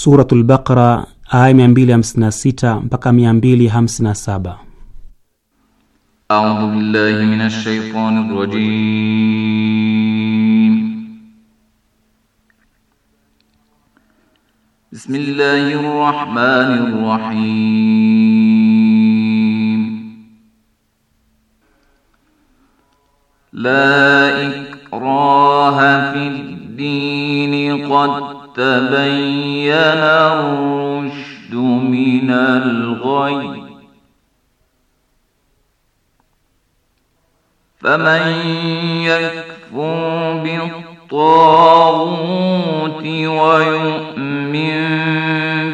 Suratul Baqara aya 256 mpaka 257. A'udhu billahi minash shaitanir rajim. Bismillahir rahmanir rahim. La ikraha fid din qad tabayyana الغي فمن يكفر بالطاغوت ويؤمن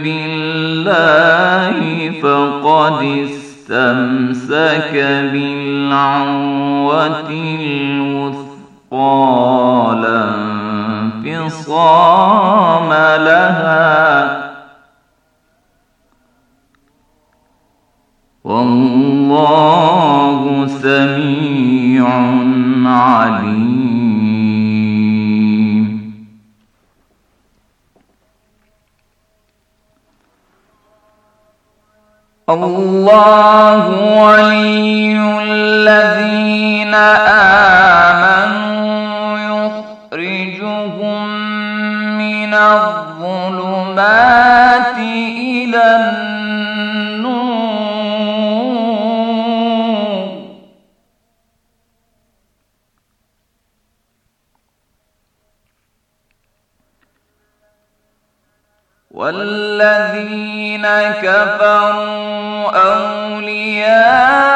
بالله فقد استمسك بالعروة الوثقى لا انفصام لها والله سميع عليم الله ولي الذين آمنوا يخرجهم من الظلمات إلى النار والذين كفروا أولياءهم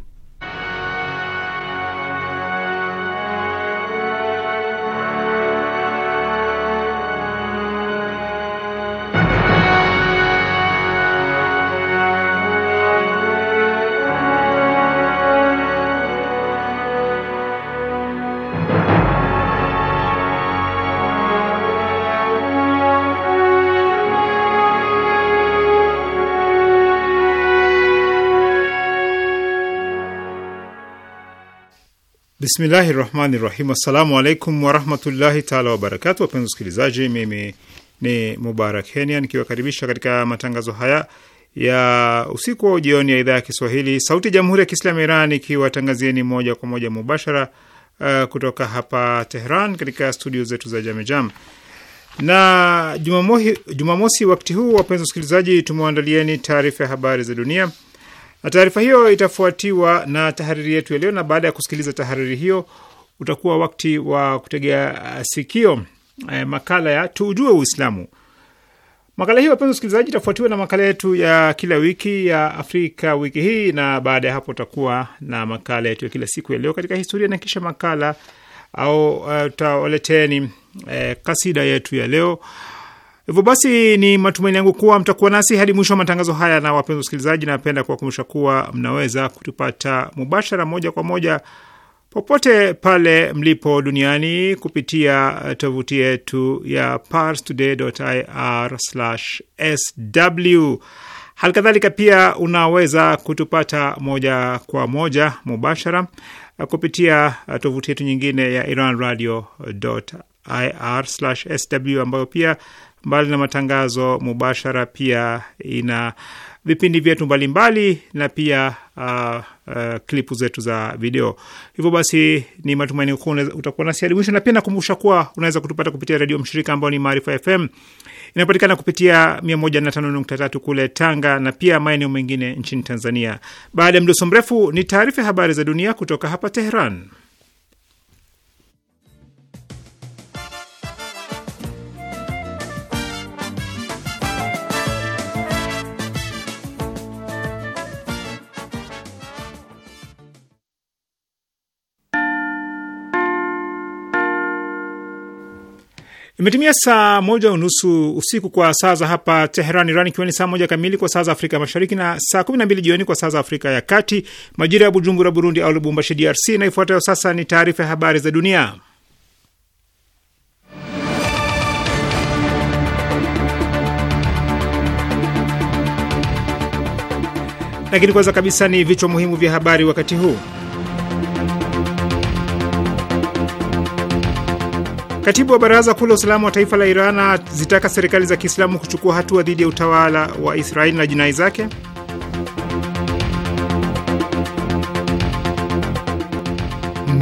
Bismillahi rahmani rahim. Assalamu alaikum warahmatullahi taala wabarakatu. Wapenzi wasikilizaji, mimi ni Mubarak Henia nikiwakaribisha katika matangazo haya ya usiku wa jioni ya idhaa ya Kiswahili sauti ya jamhuri ya Kiislamu ya Iran ikiwatangazieni moja kwa moja mubashara uh, kutoka hapa Tehran katika studio zetu za Jamejam na Jumamosi. Jumamosi huu, wapenzi wasikilizaji, tumewaandalieni taarifa ya habari za dunia na taarifa hiyo itafuatiwa na tahariri yetu ya leo, na baada ya kusikiliza tahariri hiyo utakuwa wakati wa kutegea sikio eh, makala ya tujue Uislamu. Makala hiyo wapenzi wasikilizaji, itafuatiwa na makala yetu ya kila wiki ya Afrika wiki hii, na baada ya hapo utakuwa na makala yetu ya kila siku ya leo katika historia, na kisha makala au eh, utawaleteni uh, eh, kasida yetu ya leo Hivyo basi ni matumaini yangu kuwa mtakuwa nasi hadi mwisho wa matangazo haya. Na wapenzi wasikilizaji, napenda kuwakumbusha kuwa mnaweza kutupata mubashara, moja kwa moja, popote pale mlipo duniani kupitia uh, tovuti yetu ya parstoday.ir/sw. Hali kadhalika pia unaweza kutupata moja kwa moja mubashara uh, kupitia uh, tovuti yetu nyingine ya Iran ir sw ambayo pia Mbali na matangazo mubashara, pia ina vipindi vyetu mbalimbali na pia uh, uh, klipu zetu za video. Hivyo basi ni matumaini kuwa utakuwa nasi hadi mwisho, na pia nakumbusha kuwa unaweza kutupata kupitia redio mshirika ambao ni Maarifa FM inapatikana kupitia 105.3 kule Tanga na pia maeneo mengine nchini Tanzania. Baada ya mdoso mrefu, ni taarifa ya habari za dunia kutoka hapa Teheran. Imetimia saa moja unusu usiku kwa saa za hapa Teheran, Iran, ikiwa ni saa moja kamili kwa saa za Afrika Mashariki na saa kumi na mbili jioni kwa saa za Afrika ya Kati, majira ya Bujumbura, Burundi, au Lubumbashi, DRC. Na ifuatayo sasa ni taarifa ya habari za dunia, lakini kwanza kabisa ni vichwa muhimu vya habari wakati huu. Katibu wa Baraza Kuu la Usalama wa Taifa la Iran azitaka serikali za Kiislamu kuchukua hatua dhidi ya utawala wa Israeli na jinai zake.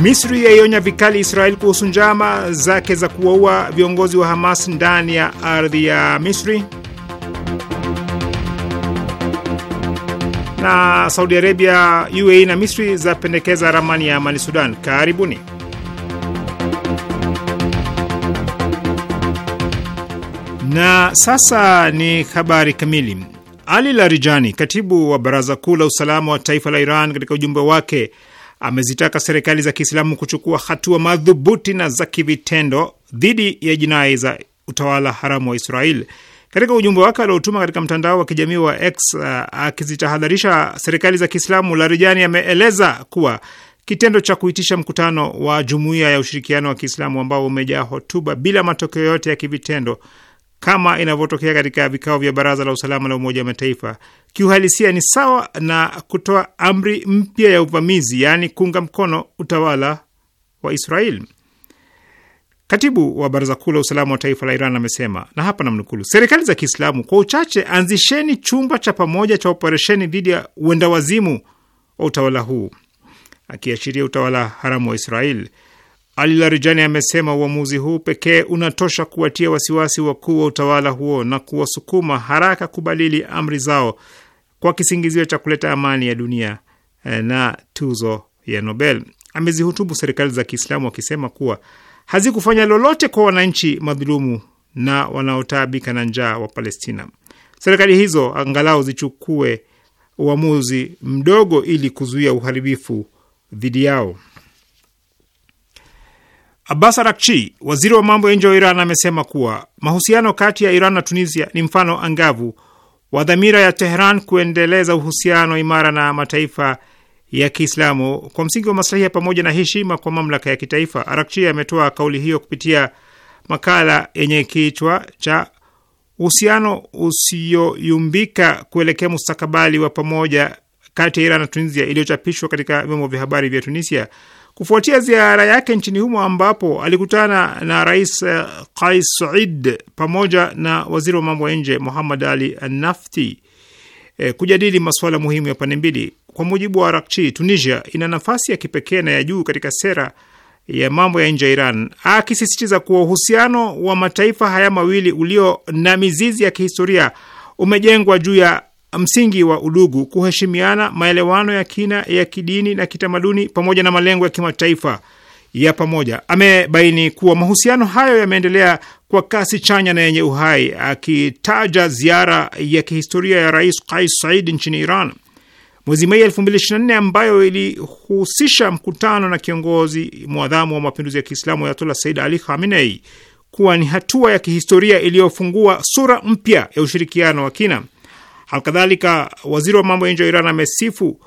Misri yaionya vikali Israeli kuhusu njama zake za kuwaua viongozi wa Hamas ndani ya ardhi ya Misri. Na Saudi Arabia, UAE na Misri zapendekeza ramani ya amani Sudan. Karibuni. Na sasa ni habari kamili. Ali Larijani, katibu wa baraza kuu la usalama wa taifa la Iran, katika ujumbe wake amezitaka serikali za Kiislamu kuchukua hatua madhubuti na za kivitendo dhidi ya jinai za utawala haramu wa Israel. Katika ujumbe wake aliotuma katika mtandao wa kijamii wa X uh, akizitahadharisha serikali za Kiislamu, Larijani ameeleza kuwa kitendo cha kuitisha mkutano wa Jumuiya ya Ushirikiano wa Kiislamu ambao umejaa hotuba bila matokeo yote ya kivitendo kama inavyotokea katika vikao vya Baraza la Usalama la Umoja wa Mataifa, kiuhalisia ni sawa na kutoa amri mpya ya uvamizi, yaani kuunga mkono utawala wa israel Katibu wa Baraza Kuu la Usalama wa Taifa la Iran amesema, na hapa namnukulu serikali za Kiislamu, kwa uchache, anzisheni chumba cha pamoja cha operesheni dhidi ya uendawazimu wa utawala huu, akiashiria utawala haramu wa Israeli. Ali Larijani amesema uamuzi huu pekee unatosha kuwatia wasiwasi wakuu wa utawala huo na kuwasukuma haraka kubadili amri zao kwa kisingizio cha kuleta amani ya dunia eh, na tuzo ya Nobel. Amezihutubu serikali za Kiislamu akisema kuwa hazikufanya lolote kwa wananchi madhulumu na wanaotaabika na njaa wa Palestina. Serikali hizo angalau zichukue uamuzi mdogo ili kuzuia uharibifu dhidi yao. Abbas Arakchi, waziri wa mambo ya nje wa Iran, amesema kuwa mahusiano kati ya Iran na Tunisia ni mfano angavu wa dhamira ya Tehran kuendeleza uhusiano imara na mataifa ya Kiislamu kwa msingi wa maslahi ya pamoja na heshima kwa mamlaka ya kitaifa. Arakchi ametoa kauli hiyo kupitia makala yenye kichwa cha uhusiano usiyoyumbika kuelekea mustakabali wa pamoja kati ya Iran na Tunisia iliyochapishwa katika vyombo vya habari vya Tunisia kufuatia ziara yake nchini humo ambapo alikutana na Rais Kais eh, said pamoja na waziri wa mambo ya nje Muhammad Ali Nafti e, eh, kujadili masuala muhimu ya pande mbili. Kwa mujibu wa Arakchi, Tunisia ina nafasi ya kipekee na ya juu katika sera ya mambo ya nje ya Iran, akisisitiza kuwa uhusiano wa mataifa haya mawili ulio na mizizi ya kihistoria umejengwa juu ya msingi wa udugu, kuheshimiana, maelewano ya kina ya kidini na kitamaduni, pamoja na malengo ya kimataifa ya pamoja. Amebaini kuwa mahusiano hayo yameendelea kwa kasi chanya na yenye uhai, akitaja ziara ya kihistoria ya Rais Kais Said nchini Iran mwezi Mei 2024 ambayo ilihusisha mkutano na kiongozi mwadhamu wa mapinduzi ya Kiislamu Ayatollah Said Ali Khamenei kuwa ni hatua ya kihistoria iliyofungua sura mpya ya ushirikiano wa kina. Halkadhalika, waziri wa mambo ya nje wa Iran amesifu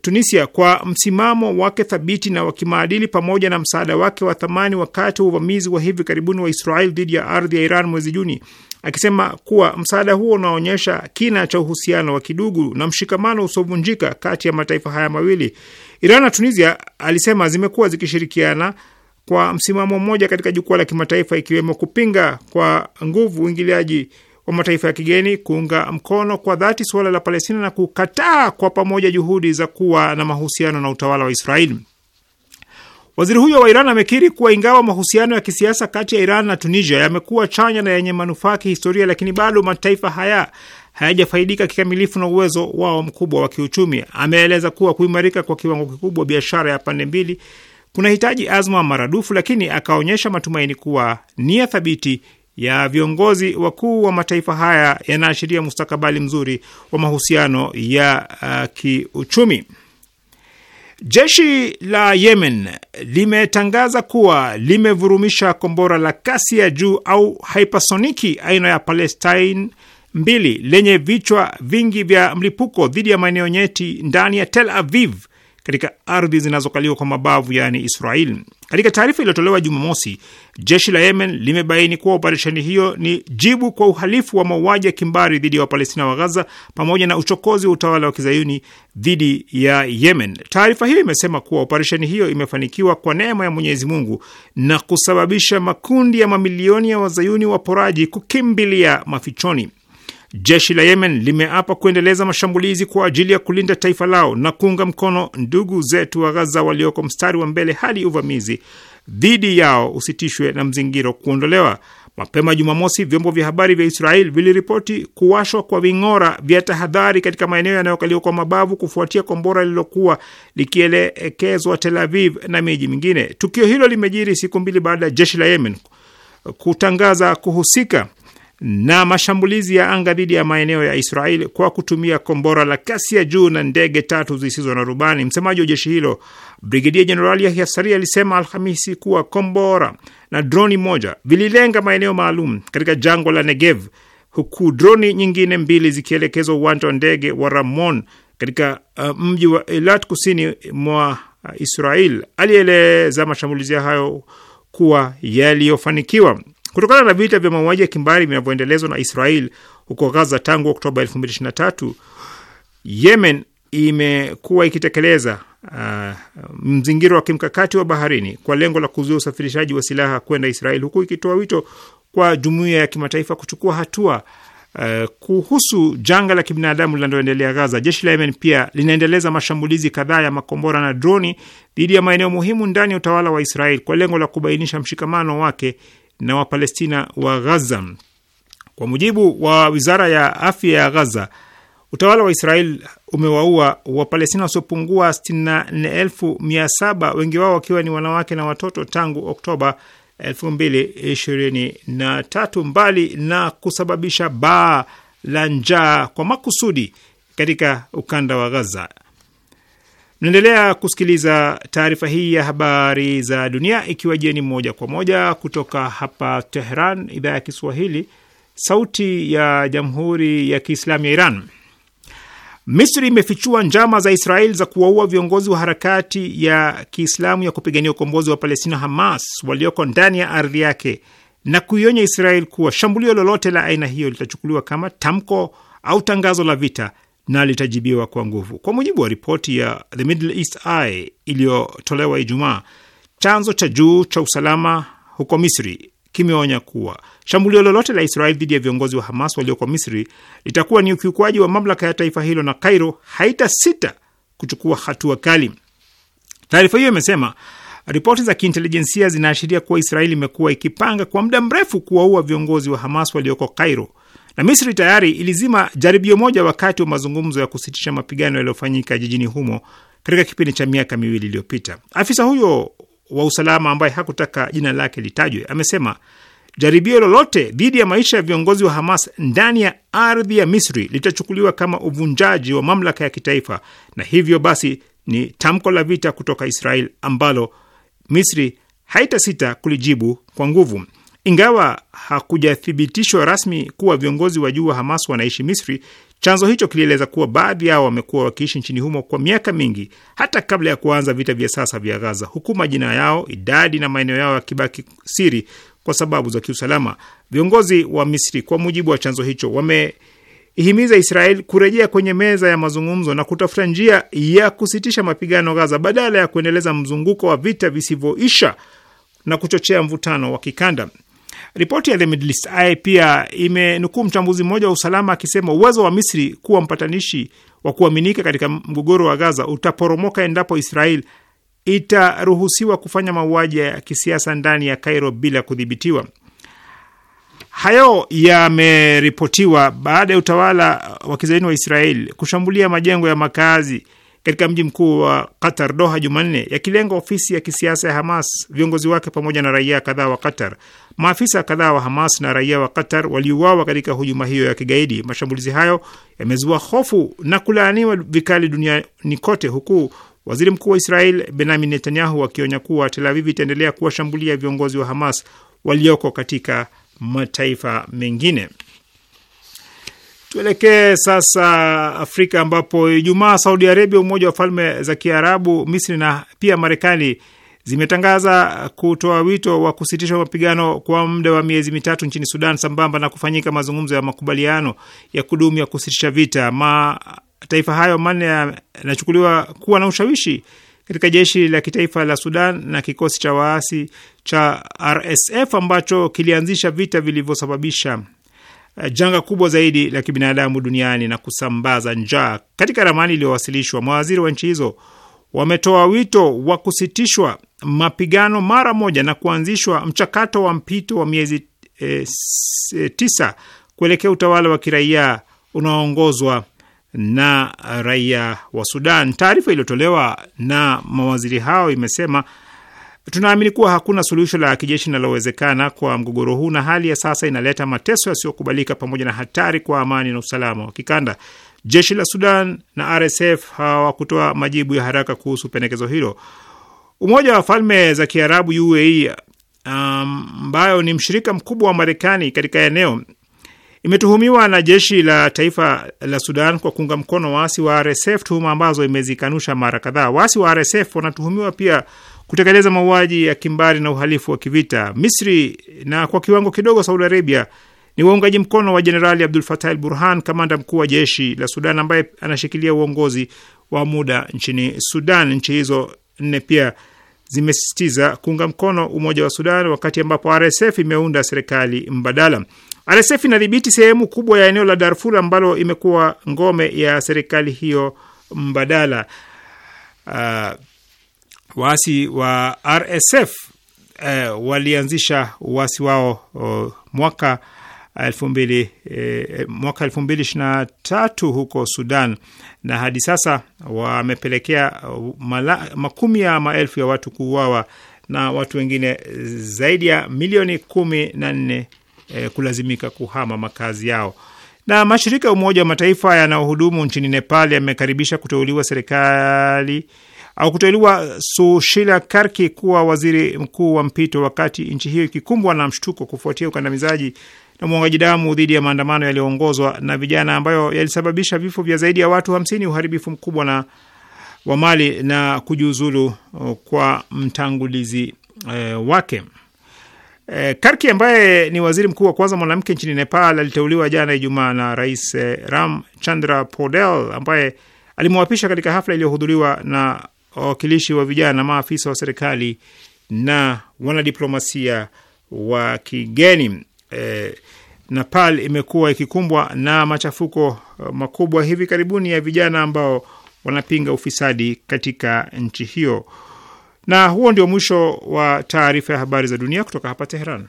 Tunisia kwa msimamo wake thabiti na wa kimaadili pamoja na msaada wake wa thamani wakati wa uvamizi wa hivi karibuni wa Israel dhidi ya ardhi ya Iran mwezi Juni, akisema kuwa msaada huo unaonyesha kina cha uhusiano wa kidugu na mshikamano usiovunjika kati ya mataifa haya mawili. Iran na Tunisia, alisema, zimekuwa zikishirikiana kwa msimamo mmoja katika jukwaa la kimataifa, ikiwemo kupinga kwa nguvu uingiliaji wa mataifa ya kigeni kuunga mkono kwa dhati suala la Palestina na kukataa kwa pamoja juhudi za kuwa na mahusiano na utawala wa Israeli. Waziri huyo wa Iran amekiri kuwa ingawa mahusiano ya kisiasa kati ya Iran na Tunisia yamekuwa chanya na yenye manufaa kihistoria, lakini bado mataifa haya hayajafaidika kikamilifu na uwezo wao mkubwa wa kiuchumi. Ameeleza kuwa kuimarika kwa kiwango kikubwa biashara ya pande mbili kunahitaji azma maradufu, lakini akaonyesha matumaini kuwa nia thabiti ya viongozi wakuu wa mataifa haya yanaashiria mustakabali mzuri wa mahusiano ya uh, kiuchumi. Jeshi la Yemen limetangaza kuwa limevurumisha kombora la kasi ya juu au hypersoniki aina ya Palestine mbili lenye vichwa vingi vya mlipuko dhidi ya maeneo nyeti ndani ya Tel Aviv katika ardhi zinazokaliwa kwa mabavu yaani Israel. Katika taarifa iliyotolewa Jumamosi, jeshi la Yemen limebaini kuwa operesheni hiyo ni jibu kwa uhalifu wa mauaji ya kimbari dhidi ya Wapalestina wa Gaza pamoja na uchokozi wa utawala wa kizayuni dhidi ya Yemen. Taarifa hiyo imesema kuwa operesheni hiyo imefanikiwa kwa neema ya Mwenyezi Mungu na kusababisha makundi ya mamilioni ya wazayuni waporaji kukimbilia mafichoni. Jeshi la Yemen limeapa kuendeleza mashambulizi kwa ajili ya kulinda taifa lao na kuunga mkono ndugu zetu wa Ghaza walioko mstari wa mbele hadi uvamizi dhidi yao usitishwe na mzingiro kuondolewa. Mapema Jumamosi, vyombo vya habari vya Israel viliripoti kuwashwa kwa ving'ora vya tahadhari katika maeneo yanayokaliwa kwa mabavu kufuatia kombora lililokuwa likielekezwa Tel Aviv na miji mingine. Tukio hilo limejiri siku mbili baada ya jeshi la Yemen kutangaza kuhusika na mashambulizi ya anga dhidi ya maeneo ya Israel kwa kutumia kombora la kasi ya juu na ndege tatu zisizo na rubani. Msemaji wa jeshi hilo Brigedia Jenerali Yahya Sari alisema Alhamisi kuwa kombora na droni moja vililenga maeneo maalum katika jangwa la Negev, huku droni nyingine mbili zikielekezwa uwanja wa ndege wa Ramon katika uh, mji wa Elat kusini mwa uh, Israel. Alieleza mashambulizi hayo kuwa yaliyofanikiwa. Kutokana na vita vya mauaji ya kimbari vinavyoendelezwa na Israel huko Gaza tangu Oktoba 2023, Yemen imekuwa ikitekeleza uh, mzingiro wa kimkakati wa baharini kwa lengo la kuzuia usafirishaji wa silaha kwenda Israel, huku ikitoa wito kwa jumuiya ya kimataifa kuchukua hatua Uh, kuhusu janga la kibinadamu linaloendelea Gaza, jeshi la Yemen pia linaendeleza mashambulizi kadhaa ya makombora na droni dhidi ya maeneo muhimu ndani ya utawala wa Israel kwa lengo la kubainisha mshikamano wake na Wapalestina wa Ghaza. Kwa mujibu wa wizara ya afya ya Ghaza, utawala wa Israel umewaua Wapalestina wasiopungua 64,700 wengi wao wakiwa ni wanawake na watoto tangu Oktoba 2023, mbali na kusababisha baa la njaa kwa makusudi katika ukanda wa Gaza. Mnaendelea kusikiliza taarifa hii ya habari za dunia ikiwa jieni moja kwa moja kutoka hapa Tehran, idhaa ya Kiswahili, sauti ya jamhuri ya kiislamu ya Iran. Misri imefichua njama za Israel za kuwaua viongozi wa harakati ya kiislamu ya kupigania ukombozi wa Palestina, Hamas, walioko ndani ya ardhi yake na kuionya Israel kuwa shambulio lolote la aina hiyo litachukuliwa kama tamko au tangazo la vita na litajibiwa kwa nguvu. Kwa mujibu wa ripoti ya The Middle East Eye iliyotolewa Ijumaa, chanzo cha juu cha usalama huko Misri kimeonya kuwa shambulio lolote la Israel dhidi ya viongozi wa Hamas walioko Misri litakuwa ni ukiukwaji wa mamlaka ya taifa hilo na haita haitasita kuchukua hatua kali. Taarifa hiyo imesema ripoti za kiintelijensia zinaashiria kuwa Israeli imekuwa ikipanga kwa muda mrefu kuwaua viongozi wa Hamas walioko Cairo. Na Misri tayari ilizima jaribio moja wakati wa mazungumzo ya kusitisha mapigano yaliyofanyika jijini humo katika kipindi cha miaka miwili iliyopita. Afisa huyo wa usalama ambaye hakutaka jina lake litajwe amesema jaribio lolote dhidi ya maisha ya viongozi wa Hamas ndani ya ardhi ya Misri litachukuliwa kama uvunjaji wa mamlaka ya kitaifa, na hivyo basi ni tamko la vita kutoka Israel ambalo Misri haitasita kulijibu kwa nguvu. Ingawa hakujathibitishwa rasmi kuwa viongozi wa juu wa Hamas wanaishi Misri, chanzo hicho kilieleza kuwa baadhi yao wamekuwa wakiishi nchini humo kwa miaka mingi hata kabla ya kuanza vita vya sasa vya Gaza, huku majina yao, idadi na maeneo yao yakibaki siri kwa sababu za kiusalama. Viongozi wa Misri, kwa mujibu wa chanzo hicho, wamehimiza Israel kurejea kwenye meza ya mazungumzo na kutafuta njia ya kusitisha mapigano Gaza badala ya kuendeleza mzunguko wa vita visivyoisha na kuchochea mvutano wa kikanda. Ripoti ya The Middle East Eye pia imenukuu mchambuzi mmoja wa usalama akisema uwezo wa Misri kuwa mpatanishi wa kuaminika katika mgogoro wa Gaza utaporomoka endapo Israel itaruhusiwa kufanya mauaji ya kisiasa ndani ya Cairo bila kudhibitiwa. Hayo yameripotiwa baada ya utawala wa kizaini wa Israel kushambulia majengo ya makazi katika mji mkuu wa Qatar, Doha, Jumanne, yakilenga ofisi ya kisiasa ya Hamas, viongozi wake pamoja na raia kadhaa wa Qatar. Maafisa kadhaa wa Hamas na raia wa Qatar waliuawa katika hujuma hiyo ya kigaidi. Mashambulizi hayo yamezua hofu na kulaaniwa vikali duniani kote, huku waziri mkuu wa Israel Benjamin Netanyahu akionya kuwa Tel Aviv itaendelea kuwashambulia viongozi wa Hamas walioko katika mataifa mengine. Tuelekee sasa Afrika ambapo Ijumaa Saudi Arabia, Umoja wa Falme za Kiarabu, Misri na pia Marekani zimetangaza kutoa wito wa kusitishwa mapigano kwa muda wa miezi mitatu nchini Sudan sambamba na kufanyika mazungumzo ya makubaliano ya kudumu ya kusitisha vita. Mataifa hayo manne yanachukuliwa kuwa na ushawishi katika jeshi la kitaifa la Sudan na kikosi cha waasi cha RSF ambacho kilianzisha vita vilivyosababisha Eh, janga kubwa zaidi la kibinadamu duniani na kusambaza njaa. Katika ramani iliyowasilishwa, mawaziri wa nchi hizo wametoa wito wa kusitishwa mapigano mara moja na kuanzishwa mchakato wa mpito wa miezi e, tisa kuelekea utawala wa kiraia unaoongozwa na raia wa Sudan. Taarifa iliyotolewa na mawaziri hao imesema Tunaamini kuwa hakuna suluhisho la kijeshi linalowezekana kwa mgogoro huu, na hali ya sasa inaleta mateso yasiyokubalika pamoja na hatari kwa amani na usalama wa kikanda. Jeshi la Sudan na RSF hawakutoa majibu ya haraka kuhusu pendekezo hilo. Umoja wa Falme za Kiarabu UAE um, ambayo um, ni mshirika mkubwa wa Marekani katika eneo imetuhumiwa na jeshi la taifa la Sudan kwa kuunga mkono waasi wa RSF, tuhuma ambazo imezikanusha mara kadhaa. Waasi wa RSF wanatuhumiwa pia kutekeleza mauaji ya kimbari na uhalifu wa kivita. Misri na kwa kiwango kidogo Saudi Arabia ni waungaji mkono wa Jenerali Abdul Fatah al Burhan, kamanda mkuu wa jeshi la Sudan ambaye anashikilia uongozi wa muda nchini Sudan. Nchi hizo nne pia zimesisitiza kuunga mkono umoja wa Sudan, wakati ambapo RSF imeunda serikali mbadala. RSF inadhibiti sehemu kubwa ya eneo la Darfur ambalo imekuwa ngome ya serikali hiyo mbadala. Uh, waasi wa RSF eh, walianzisha uasi wao mwaka elfu mbili eh, mwaka elfu mbili ishirini na tatu huko Sudan, na hadi sasa wamepelekea uh, makumi ya maelfu ya watu kuuawa na watu wengine zaidi ya milioni kumi na nne eh, kulazimika kuhama makazi yao. Na mashirika ya Umoja wa Mataifa yanayohudumu nchini Nepal yamekaribisha kuteuliwa serikali au kuteuliwa Sushila Karki kuwa waziri mkuu wa mpito, wakati nchi hiyo ikikumbwa na mshtuko kufuatia ukandamizaji na mwangaji damu dhidi ya maandamano yaliyoongozwa na vijana ambayo yalisababisha vifo vya zaidi ya watu hamsini, uharibifu mkubwa na wa mali na kujiuzulu uh, kwa mtangulizi e, wake. E, Karki ambaye ni waziri mkuu wa kwanza mwanamke nchini Nepal aliteuliwa jana Ijumaa na Rais Ram Chandra Podel ambaye alimwapisha katika hafla iliyohudhuriwa na wawakilishi wa vijana, maafisa wa serikali na wanadiplomasia wa kigeni. E, Nepal imekuwa ikikumbwa na machafuko uh, makubwa hivi karibuni ya vijana ambao wanapinga ufisadi katika nchi hiyo. Na huo ndio mwisho wa taarifa ya habari za dunia kutoka hapa Teheran.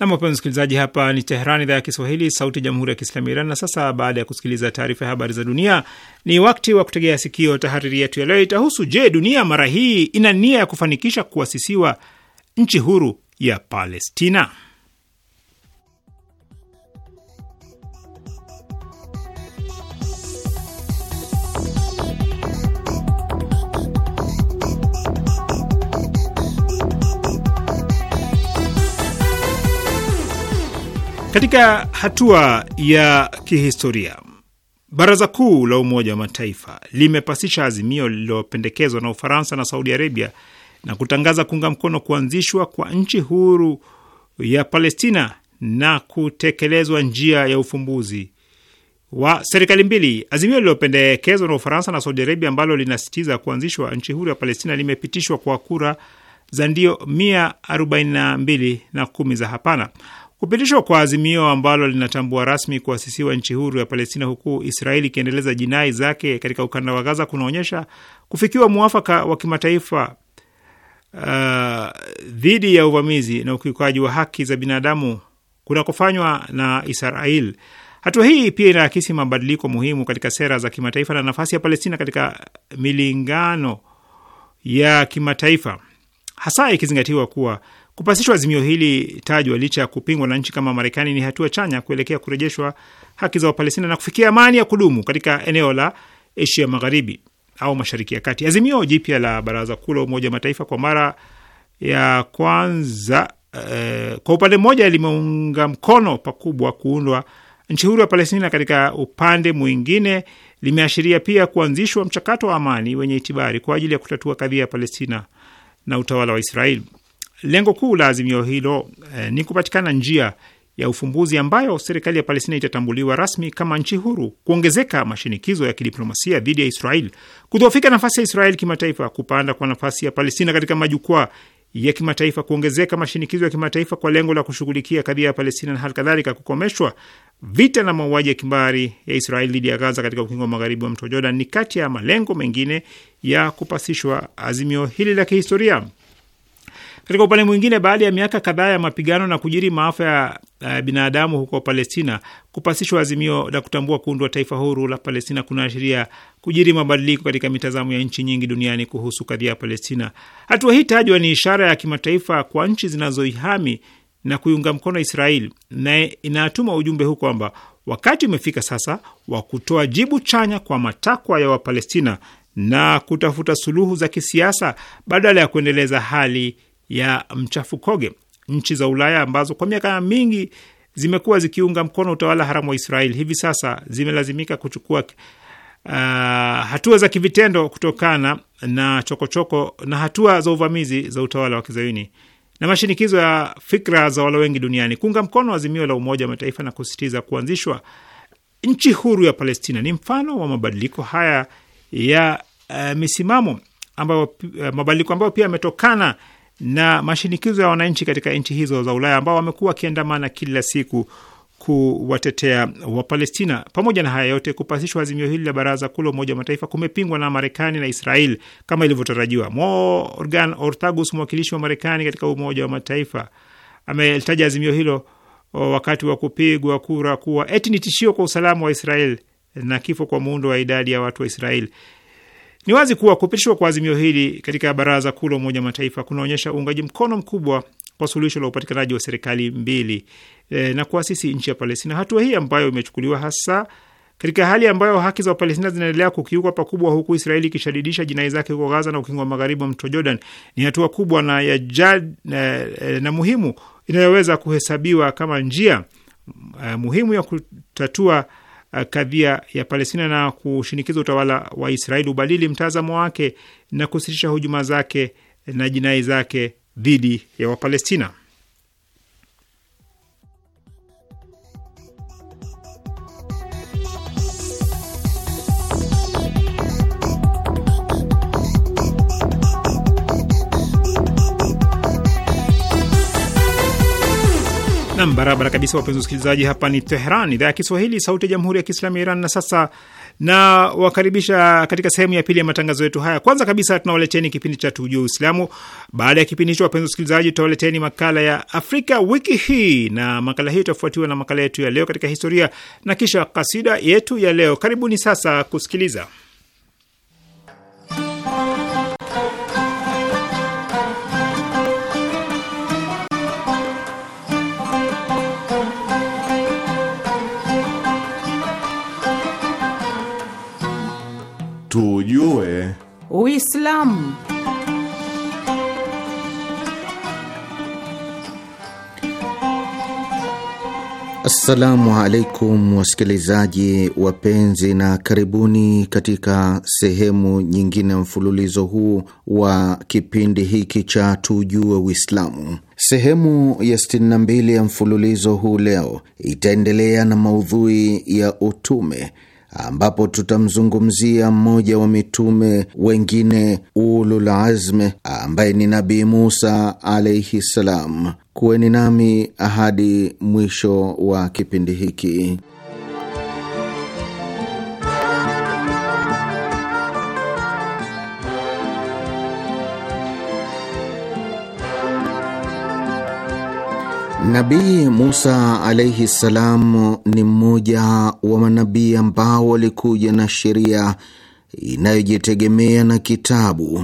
Nam, wapenzi msikilizaji, hapa ni Teherani, idhaa ya Kiswahili, sauti ya jamhuri ya kiislamu ya Iran. Na sasa baada ya kusikiliza taarifa ya habari za dunia, ni wakati wa kutegea sikio. Tahariri yetu ya leo itahusu je, dunia mara hii ina nia ya kufanikisha kuasisiwa nchi huru ya Palestina? Katika hatua ya kihistoria, Baraza Kuu la Umoja wa Mataifa limepasisha azimio lililopendekezwa na Ufaransa na Saudi Arabia na kutangaza kuunga mkono kuanzishwa kwa nchi huru ya Palestina na kutekelezwa njia ya ufumbuzi wa serikali mbili. Azimio lililopendekezwa na Ufaransa na Saudi Arabia ambalo linasitiza kuanzishwa nchi huru ya Palestina limepitishwa kwa kura za ndio 142 na kumi za hapana. Kupitishwa kwa azimio ambalo linatambua rasmi kuasisiwa nchi huru ya Palestina huku Israeli ikiendeleza jinai zake katika ukanda wa Gaza kunaonyesha kufikiwa mwafaka wa kimataifa uh, dhidi ya uvamizi na ukiukaji wa haki za binadamu kunakofanywa na Israel. Hatua hii pia inaakisi mabadiliko muhimu katika sera za kimataifa na nafasi ya Palestina katika milingano ya kimataifa, hasa ikizingatiwa kuwa Kupasishwa azimio hili tajwa, licha ya kupingwa na nchi kama Marekani, ni hatua chanya kuelekea kurejeshwa haki za Wapalestina na kufikia amani ya kudumu katika eneo la Asia Magharibi au Mashariki ya Kati. Azimio jipya la Baraza Kuu la Umoja wa Mataifa kwa mara ya kwanza eh, kwa upande mmoja limeunga mkono pakubwa kuundwa nchi huru ya Palestina. Katika upande mwingine, limeashiria pia kuanzishwa mchakato wa amani wenye itibari kwa ajili ya kutatua kadhia ya Palestina na utawala wa Israeli. Lengo kuu la azimio hilo eh, ni kupatikana njia ya ufumbuzi ambayo serikali ya Palestina itatambuliwa rasmi kama nchi huru, kuongezeka mashinikizo ya kidiplomasia dhidi ya Israel, kudhoofika nafasi ya Israel kimataifa, kupanda kwa nafasi ya Palestina katika majukwaa ya kimataifa, kuongezeka mashinikizo ya kimataifa kwa lengo la kushughulikia kadhia ya Palestina na hali kadhalika, kukomeshwa vita na mauaji ya kimbari ya Israel dhidi ya Gaza katika ukingo wa magharibi wa mto Jordan ni kati ya malengo mengine ya kupasishwa azimio hili la kihistoria. Katika upande mwingine, baada ya miaka kadhaa ya mapigano na kujiri maafa ya uh, binadamu huko Palestina, kupasishwa azimio la kutambua kuundwa taifa huru la Palestina kunaashiria kujiri mabadiliko katika mitazamo ya nchi nyingi duniani kuhusu kadhia ya Palestina. Hatua hii tajwa ni ishara ya kimataifa kwa nchi zinazoihami na kuiunga mkono Israel na inatuma ujumbe huu kwamba wakati umefika sasa wa kutoa jibu chanya kwa matakwa ya Wapalestina na kutafuta suluhu za kisiasa badala ya kuendeleza hali ya mchafukoge. Nchi za Ulaya ambazo kwa miaka mingi zimekuwa zikiunga mkono utawala haramu wa Israeli hivi sasa zimelazimika kuchukua uh, hatua za kivitendo kutokana na chokochoko choko na hatua za uvamizi za utawala wa kizayuni na mashinikizo ya fikra za walo wengi duniani kuunga mkono azimio la Umoja wa Mataifa na kusisitiza kuanzishwa nchi huru ya Palestina ni mfano wa mabadiliko haya ya uh, misimamo ambayo, uh, mabadiliko ambayo pia yametokana na mashinikizo ya wananchi katika nchi hizo za Ulaya ambao wamekuwa wakiandamana kila siku kuwatetea Wapalestina. Pamoja na haya yote, kupasishwa azimio hili la Baraza Kuu la Umoja wa Mataifa kumepingwa na Marekani na Israel kama ilivyotarajiwa. Morgan Ortagus, mwakilishi wa Marekani katika Umoja wa Mataifa, amelitaja azimio hilo wakati wa kupigwa kura kuwa eti ni tishio kwa usalama wa Israel na kifo kwa muundo wa idadi ya watu wa Israel ni wazi kuwa kupitishwa kwa azimio hili katika Baraza Kuu la Umoja wa Mataifa kunaonyesha uungaji mkono mkubwa kwa suluhisho la upatikanaji wa serikali mbili e, na kuasisi nchi ya Palestina. Hatua hii ambayo imechukuliwa hasa katika hali ambayo haki za Wapalestina zinaendelea kukiukwa pakubwa, huku Israeli ikishadidisha jinai zake huko Gaza na ukingo wa magharibi wa mto Jordan, ni hatua kubwa na ya jad, na, e, na muhimu inayoweza kuhesabiwa kama njia uh, muhimu ya kutatua Eh, kadhia ya Palestina na kushinikiza utawala wa Israeli ubadili mtazamo wake na kusitisha hujuma zake na jinai zake dhidi ya Wapalestina. Nam, barabara kabisa, wapenzi wasikilizaji, hapa ni Tehran, idhaa ya Kiswahili, sauti ya jamhuri ya kiislamu ya Iran. Na sasa nawakaribisha katika sehemu ya pili ya matangazo yetu haya. Kwanza kabisa, tunawaleteni kipindi cha Tujue Uislamu. Baada ya kipindi hicho, wapenzi wasikilizaji, tutawaleteni makala ya Afrika wiki hii, na makala hiyo itafuatiwa na makala yetu ya leo katika historia na kisha kasida yetu ya leo. Karibuni sasa kusikiliza tujue Uislamu. Assalamu alaikum wasikilizaji wapenzi, na karibuni katika sehemu nyingine ya mfululizo huu wa kipindi hiki cha tujue Uislamu. Sehemu ya 62 ya mfululizo huu leo itaendelea na maudhui ya utume ambapo tutamzungumzia mmoja wa mitume wengine ulul azme ambaye ni Nabii Musa alaihi ssalam. Kuweni nami hadi mwisho wa kipindi hiki. Nabii Musa alaihi salam ni mmoja wa manabii ambao walikuja na sheria inayojitegemea na kitabu.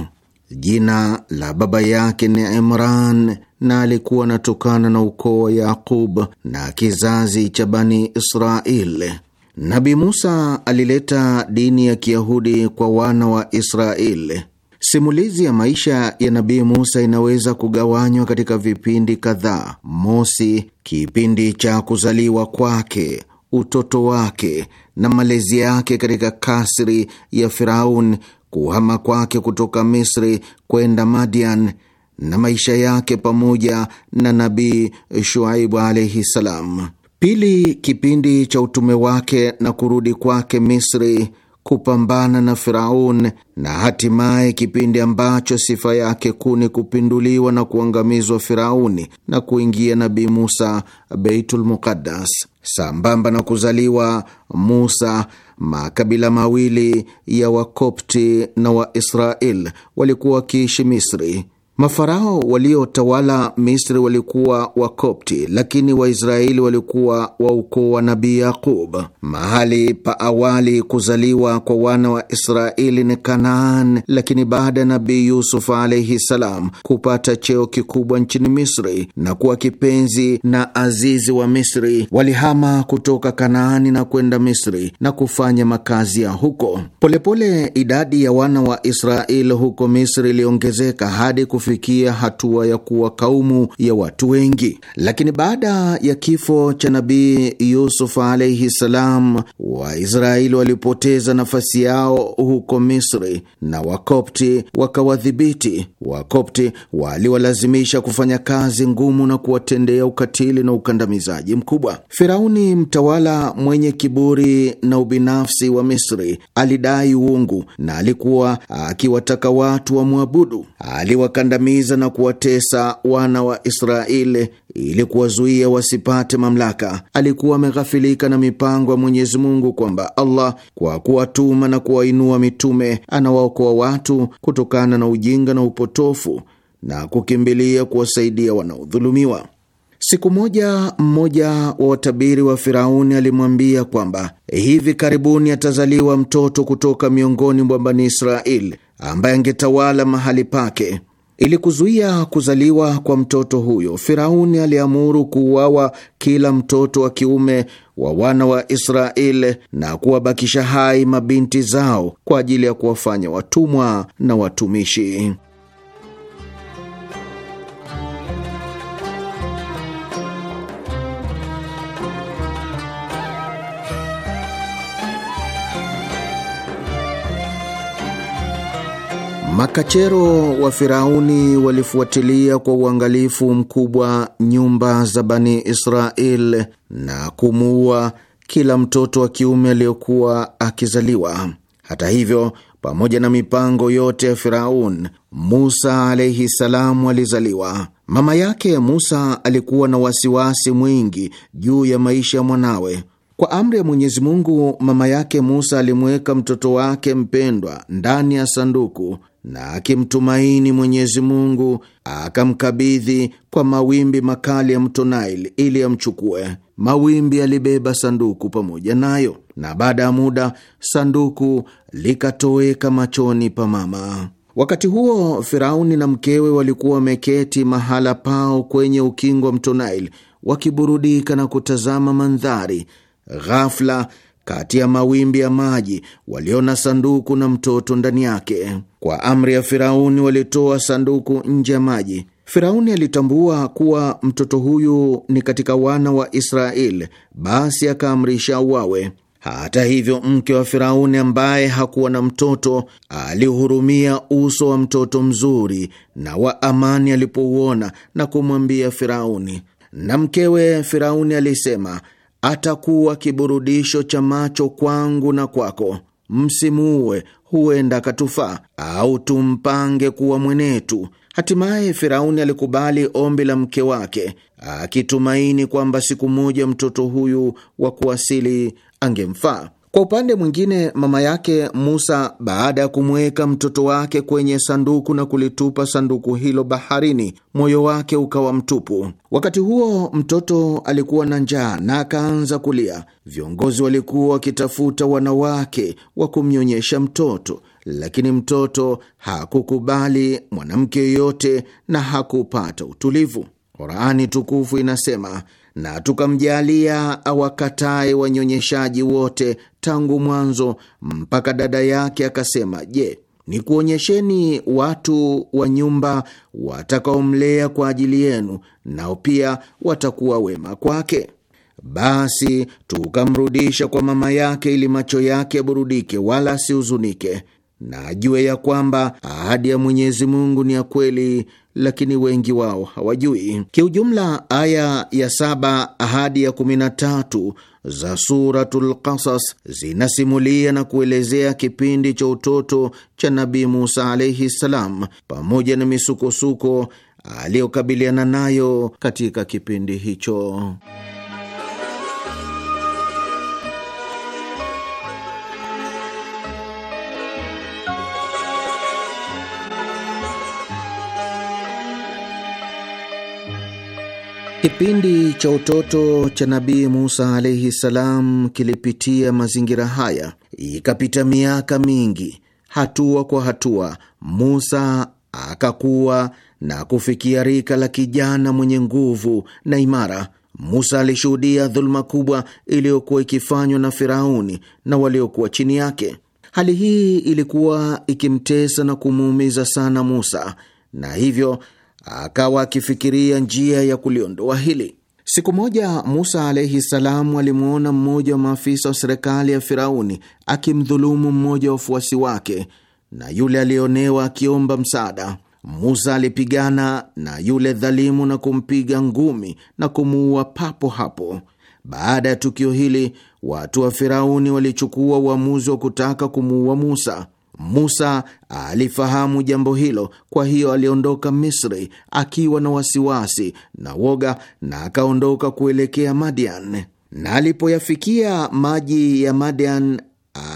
Jina la baba yake ni Imran na alikuwa anatokana na ukoo wa Yaqub na kizazi cha Bani Israel. Nabi Musa alileta dini ya Kiyahudi kwa wana wa Israel. Simulizi ya maisha ya Nabii Musa inaweza kugawanywa katika vipindi kadhaa. Mosi, kipindi cha kuzaliwa kwake, utoto wake na malezi yake katika kasri ya Firaun, kuhama kwake kutoka Misri kwenda Madian na maisha yake pamoja na Nabii Shuaibu alaihi ssalam. Pili, kipindi cha utume wake na kurudi kwake Misri kupambana na Firaun na hatimaye kipindi ambacho sifa yake kuu ni kupinduliwa na kuangamizwa Firauni na kuingia Nabii Musa Beitul Muqaddas. Sambamba na kuzaliwa Musa, makabila mawili ya Wakopti na Waisrael walikuwa wakiishi Misri. Mafarao waliotawala Misri walikuwa Wakopti, lakini Waisraeli walikuwa wa ukoo wa Nabii Yaqub. Mahali pa awali kuzaliwa kwa wana wa Israeli ni Kanaan, lakini baada ya Nabii Yusuf alaihi salam kupata cheo kikubwa nchini Misri na kuwa kipenzi na azizi wa Misri, walihama kutoka Kanaani na kwenda Misri na kufanya makazi ya huko. Polepole idadi ya wana wa Israeli huko Misri iliongezeka hadi kufikia hatua ya kuwa kaumu ya watu wengi. Lakini baada ya kifo cha Nabii Yusuf alaihi salam, Waisraeli walipoteza nafasi yao huko Misri na Wakopti wakawadhibiti. Wakopti waliwalazimisha kufanya kazi ngumu na kuwatendea ukatili na ukandamizaji mkubwa. Firauni, mtawala mwenye kiburi na ubinafsi wa Misri, alidai uungu na alikuwa akiwataka watu wamwabudu aliwakanda kuwakandamiza na kuwatesa wana wa Israeli ili kuwazuia wasipate mamlaka. Alikuwa ameghafilika na mipango ya Mwenyezi Mungu kwamba Allah kwa kuwatuma na kuwainua mitume anawaokoa watu kutokana na ujinga na upotofu na kukimbilia kuwasaidia wanaodhulumiwa. Siku moja mmoja wa watabiri wa Firauni alimwambia kwamba hivi karibuni atazaliwa mtoto kutoka miongoni mwa Bani Israeli ambaye angetawala mahali pake. Ili kuzuia kuzaliwa kwa mtoto huyo, Firauni aliamuru kuuawa kila mtoto wa kiume wa wana wa Israeli na kuwabakisha hai mabinti zao kwa ajili ya kuwafanya watumwa na watumishi. Makachero wa Firauni walifuatilia kwa uangalifu mkubwa nyumba za Bani Israel na kumuua kila mtoto wa kiume aliyokuwa akizaliwa. Hata hivyo, pamoja na mipango yote ya Firaun, Musa alaihi salamu alizaliwa. Mama yake Musa alikuwa na wasiwasi mwingi juu ya maisha ya mwanawe. Kwa amri ya Mwenyezi Mungu, mama yake Musa alimweka mtoto wake mpendwa ndani ya sanduku na akimtumaini Mwenyezi Mungu akamkabidhi kwa mawimbi makali ya mto Nile ili yamchukue. Mawimbi yalibeba sanduku pamoja nayo, na baada ya muda sanduku likatoweka machoni pa mama. Wakati huo Firauni na mkewe walikuwa wameketi mahala pao kwenye ukingo wa mto Nile wakiburudika na kutazama mandhari. Ghafla kati ya mawimbi ya maji, waliona sanduku na mtoto ndani yake. Kwa amri ya Firauni walitoa sanduku nje ya maji. Firauni alitambua kuwa mtoto huyu ni katika wana wa Israeli, basi akaamrisha uwawe. Hata hivyo, mke wa Firauni ambaye hakuwa na mtoto alihurumia uso wa mtoto mzuri na wa amani alipouona, na kumwambia Firauni. Na mkewe Firauni alisema atakuwa kiburudisho cha macho kwangu na kwako. Msimuue, huenda akatufaa au tumpange kuwa mwenetu. Hatimaye Firauni alikubali ombi la mke wake, akitumaini kwamba siku moja mtoto huyu wa kuasili angemfaa. Kwa upande mwingine, mama yake Musa, baada ya kumweka mtoto wake kwenye sanduku na kulitupa sanduku hilo baharini, moyo wake ukawa mtupu. Wakati huo mtoto alikuwa na njaa na akaanza kulia. Viongozi walikuwa wakitafuta wanawake wa kumnyonyesha mtoto, lakini mtoto hakukubali mwanamke yoyote na hakupata utulivu. Qurani tukufu inasema na tukamjalia awakatae wanyonyeshaji wote tangu mwanzo mpaka dada yake akasema, Je, nikuonyesheni watu wa nyumba watakaomlea kwa ajili yenu, nao pia watakuwa wema kwake? Basi tukamrudisha kwa mama yake, ili macho yake yaburudike, wala asihuzunike, na ajue ya kwamba ahadi ya Mwenyezi Mungu ni ya kweli lakini wengi wao hawajui. Kiujumla, aya ya saba hadi ya kumi na tatu za Suratul Qasas zinasimulia na kuelezea kipindi cha utoto cha Nabii Musa alaihi ssalam, pamoja na misukosuko aliyokabiliana nayo katika kipindi hicho. Kipindi cha utoto cha Nabii Musa alaihi salam kilipitia mazingira haya. Ikapita miaka mingi, hatua kwa hatua, Musa akakuwa na kufikia rika la kijana mwenye nguvu na imara. Musa alishuhudia dhuluma kubwa iliyokuwa ikifanywa na Firauni na waliokuwa chini yake. Hali hii ilikuwa ikimtesa na kumuumiza sana Musa, na hivyo akawa akifikiria njia ya kuliondoa hili. Siku moja Musa alaihi salamu alimwona mmoja wa maafisa wa serikali ya Firauni akimdhulumu mmoja wa wafuasi wake, na yule aliyeonewa akiomba msaada. Musa alipigana na yule dhalimu na kumpiga ngumi na kumuua papo hapo. Baada ya tukio hili, watu wa Firauni walichukua uamuzi wa kutaka kumuua Musa. Musa alifahamu jambo hilo, kwa hiyo aliondoka Misri akiwa na wasiwasi na woga, na akaondoka kuelekea Madian. Na alipoyafikia maji ya Madian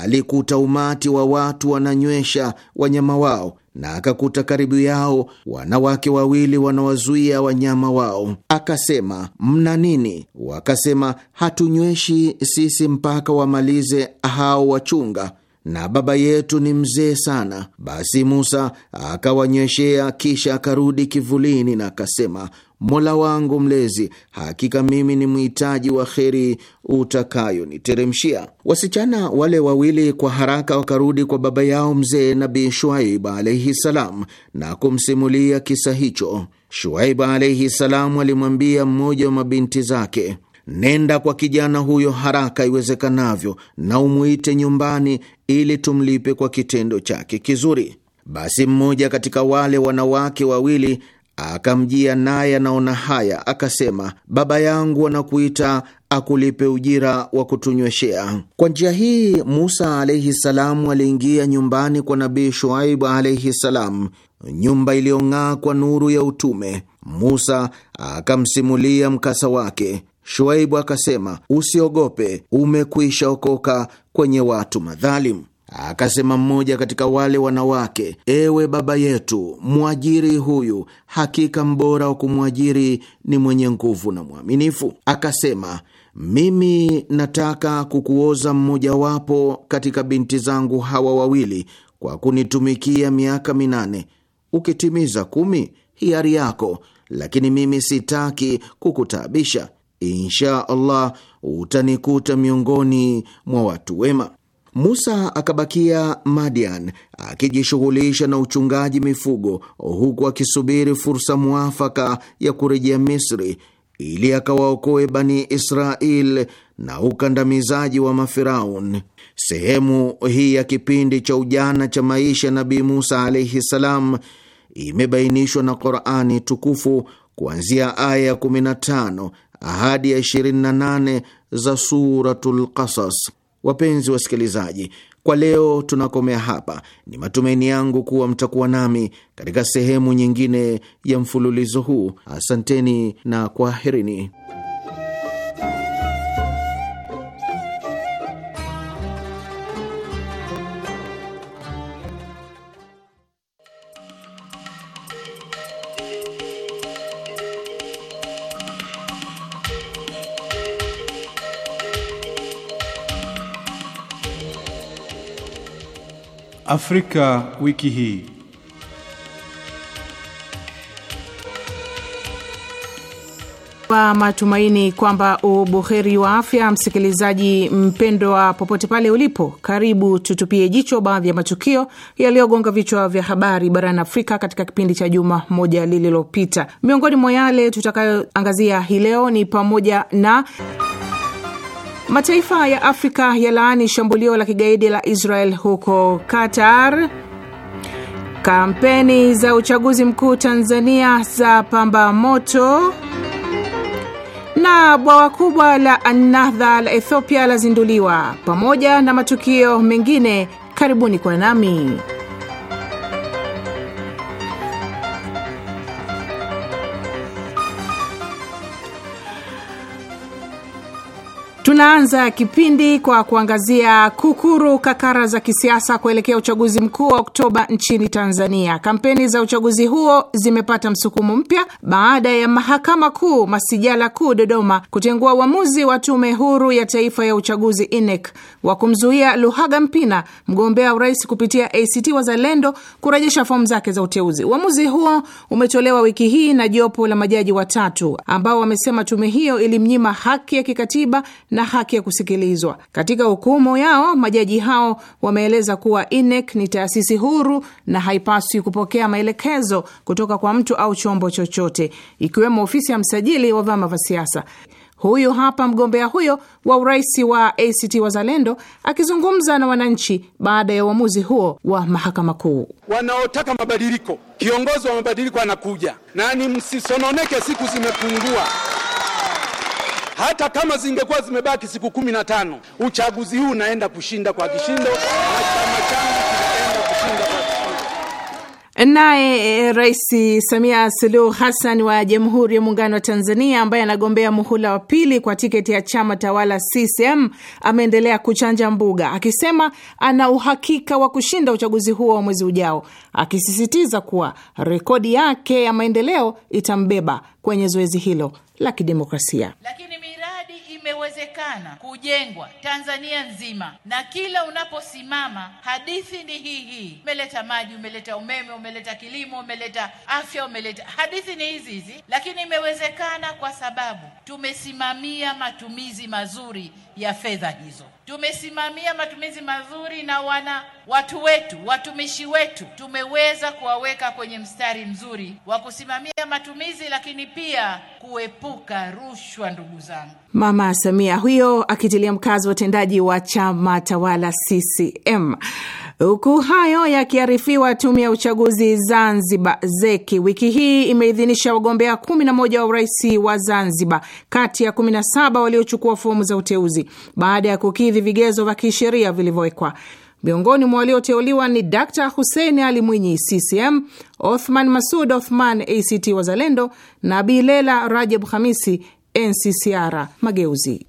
alikuta umati wa watu wananywesha wanyama wao na akakuta karibu yao wanawake wawili wanawazuia wanyama wao. Akasema, mna nini? Wakasema, hatunyweshi sisi mpaka wamalize hao wachunga na baba yetu ni mzee sana. Basi Musa akawanyeshea, kisha akarudi kivulini na akasema, Mola wangu Mlezi, hakika mimi ni mhitaji wa kheri utakayoniteremshia. Wasichana wale wawili kwa haraka wakarudi kwa baba yao mzee nabi Shuaib alaihi salam na kumsimulia kisa hicho. Shuaib alaihi salam alimwambia mmoja wa mabinti zake Nenda kwa kijana huyo haraka iwezekanavyo na umwite nyumbani ili tumlipe kwa kitendo chake kizuri. Basi mmoja katika wale wanawake wawili akamjia, naye anaona haya, akasema, baba yangu anakuita akulipe ujira wa kutunyweshea. Kwa njia hii Musa alaihi salamu aliingia nyumbani kwa Nabii Shuaibu alaihi salamu, nyumba iliyong'aa kwa nuru ya utume. Musa akamsimulia mkasa wake. Shuaibu akasema, usiogope, umekwisha okoka kwenye watu madhalim Akasema mmoja katika wale wanawake, ewe baba yetu, mwajiri huyu, hakika mbora wa kumwajiri ni mwenye nguvu na mwaminifu. Akasema, mimi nataka kukuoza mmojawapo katika binti zangu hawa wawili kwa kunitumikia miaka minane. Ukitimiza kumi, hiari yako, lakini mimi sitaki kukutaabisha insha Allah utanikuta miongoni mwa watu wema. Musa akabakia Madian akijishughulisha na uchungaji mifugo, huku akisubiri fursa mwafaka ya kurejea Misri ili akawaokoe Bani Israel na ukandamizaji wa Mafiraun. Sehemu hii ya kipindi cha ujana cha maisha ya Nabii Musa alaihi salam imebainishwa na Qurani tukufu kuanzia aya ya 15 hadi ya 28 za Suratul Qasas. Wapenzi wasikilizaji, kwa leo tunakomea hapa. Ni matumaini yangu kuwa mtakuwa nami katika sehemu nyingine ya mfululizo huu. Asanteni na kwaherini. Afrika wiki hii. Kwa matumaini kwamba ubuheri wa afya, msikilizaji mpendwa, popote pale ulipo, karibu tutupie jicho baadhi ya matukio yaliyogonga vichwa vya habari barani Afrika katika kipindi cha juma moja lililopita. Miongoni mwa yale tutakayoangazia hii leo ni pamoja na Mataifa ya Afrika yalaani shambulio la kigaidi la Israel huko Qatar. Kampeni za uchaguzi mkuu Tanzania za pamba moto, na bwawa kubwa la Anadha la Ethiopia lazinduliwa, pamoja na matukio mengine. Karibuni kwa nami Tunaanza kipindi kwa kuangazia kukuru kakara za kisiasa kuelekea uchaguzi mkuu wa Oktoba nchini Tanzania. Kampeni za uchaguzi huo zimepata msukumo mpya baada ya mahakama kuu masijala kuu Dodoma kutengua uamuzi wa tume huru ya taifa ya uchaguzi INEC wa kumzuia Luhaga Mpina, mgombea urais kupitia ACT Wazalendo, kurejesha fomu zake za uteuzi. Uamuzi huo umetolewa wiki hii na jopo la majaji watatu ambao wamesema tume hiyo ilimnyima haki ya kikatiba na na haki ya kusikilizwa. Katika hukumu yao, majaji hao wameeleza kuwa INEC ni taasisi huru na haipaswi kupokea maelekezo kutoka kwa mtu au chombo chochote, ikiwemo ofisi ya msajili wa vyama vya siasa. Huyu hapa mgombea huyo wa urais wa ACT Wazalendo akizungumza na wananchi baada ya uamuzi huo wa mahakama kuu. Wanaotaka mabadiliko, kiongozi wa mabadiliko anakuja. Nani, msisononeke, siku zimepungua hata kama zingekuwa zimebaki siku kumi na tano uchaguzi huu unaenda kushinda kwa kishindo na chama changu Naye eh, Rais Samia Suluhu Hassan wa Jamhuri ya Muungano wa Tanzania, ambaye anagombea muhula wa pili kwa tiketi ya chama tawala CCM, ameendelea kuchanja mbuga akisema ana uhakika wa kushinda uchaguzi huo wa mwezi ujao, akisisitiza kuwa rekodi yake ya maendeleo itambeba kwenye zoezi hilo la kidemokrasia Lakini inawezekana kujengwa Tanzania nzima, na kila unaposimama hadithi ni hii hii, umeleta maji, umeleta umeme, umeleta kilimo, umeleta afya, umeleta hadithi ni hizi hizi, lakini imewezekana kwa sababu tumesimamia matumizi mazuri ya fedha hizo. Tumesimamia matumizi mazuri na wana watu wetu watumishi wetu tumeweza kuwaweka kwenye mstari mzuri wa kusimamia matumizi, lakini pia kuepuka rushwa. Ndugu zangu, Mama Samia huyo akitilia mkazo watendaji wa chama tawala CCM. Huku hayo yakiarifiwa, tume ya uchaguzi Zanzibar ZEKI wiki hii imeidhinisha wagombea 11 wa urais wa Zanzibar kati ya 17 waliochukua fomu za uteuzi baada ya kukidhi vigezo vya kisheria vilivyowekwa. Miongoni mwa walioteuliwa ni Dr Hussein Ali Mwinyi, CCM, Othman Masud Othman, ACT Wazalendo, na Bilela Rajab Hamisi, NCCR Mageuzi.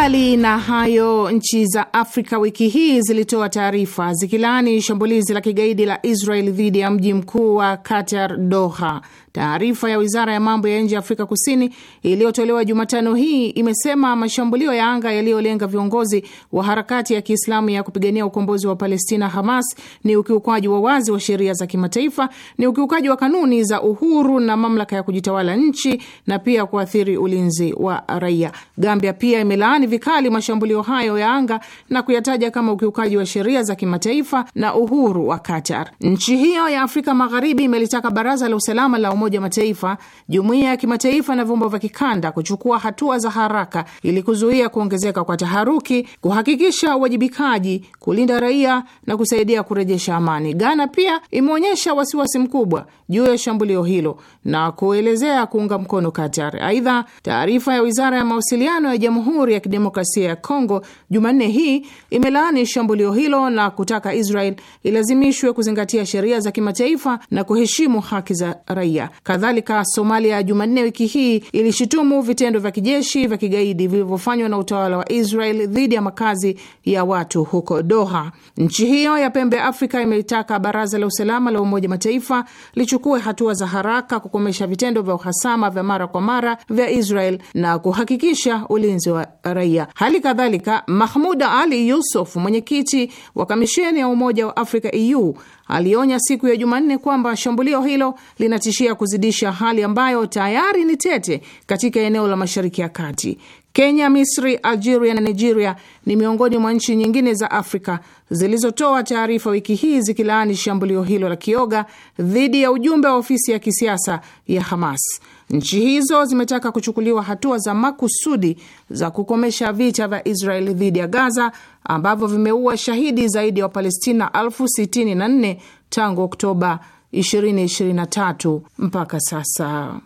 Mbali na hayo, nchi za Afrika wiki hii zilitoa taarifa zikilaani shambulizi la kigaidi la Israel dhidi ya mji mkuu wa Qatar, Doha. Taarifa ya wizara ya mambo ya nje ya Afrika Kusini iliyotolewa Jumatano hii imesema mashambulio ya anga yaliyolenga viongozi wa harakati ya Kiislamu ya kupigania ukombozi wa Palestina, Hamas, ni ukiukaji wa wazi wa sheria za kimataifa, ni ukiukaji wa kanuni za uhuru na mamlaka ya kujitawala nchi na pia kuathiri ulinzi wa raia. Gambia pia imelaani vikali mashambulio hayo ya anga na kuyataja kama ukiukaji wa sheria za kimataifa na uhuru wa Qatar. Nchi hiyo ya Afrika Magharibi imelitaka baraza la usalama la Umoja wa Mataifa, jumuiya ya kimataifa na vyombo vya kikanda kuchukua hatua za haraka ili kuzuia kuongezeka kwa taharuki, kuhakikisha uwajibikaji, kulinda raia na kusaidia kurejesha amani. Ghana pia imeonyesha wasiwasi mkubwa juu ya shambulio hilo na kuelezea kuunga mkono Qatar. Aidha, taarifa ya wizara ya mawasiliano ya Jamhuri ya Kidemokrasia ya Kongo Jumanne hii imelaani shambulio hilo na kutaka Israel ilazimishwe kuzingatia sheria za kimataifa na kuheshimu haki za raia. Kadhalika, Somalia Jumanne wiki hii ilishutumu vitendo vya kijeshi vya kigaidi vilivyofanywa na utawala wa Israel dhidi ya makazi ya watu huko Doha. Nchi hiyo ya pembe Afrika imeitaka Baraza la Usalama la Umoja Mataifa ichukue hatua za haraka kukomesha vitendo vya uhasama vya mara kwa mara vya Israel na kuhakikisha ulinzi wa raia. Hali kadhalika, Mahmud Ali Yusuf, mwenyekiti wa kamisheni ya Umoja wa Afrika EU, alionya siku ya Jumanne kwamba shambulio hilo linatishia kuzidisha hali ambayo tayari ni tete katika eneo la Mashariki ya Kati. Kenya, Misri, Algeria na Nigeria ni miongoni mwa nchi nyingine za Afrika zilizotoa taarifa wiki hii zikilaani shambulio hilo la kioga dhidi ya ujumbe wa ofisi ya kisiasa ya Hamas. Nchi hizo zimetaka kuchukuliwa hatua za makusudi za kukomesha vita vya Israeli dhidi ya Gaza ambavyo vimeua shahidi zaidi ya Wapalestina elfu sitini na nne tangu Oktoba 2023 mpaka sasa.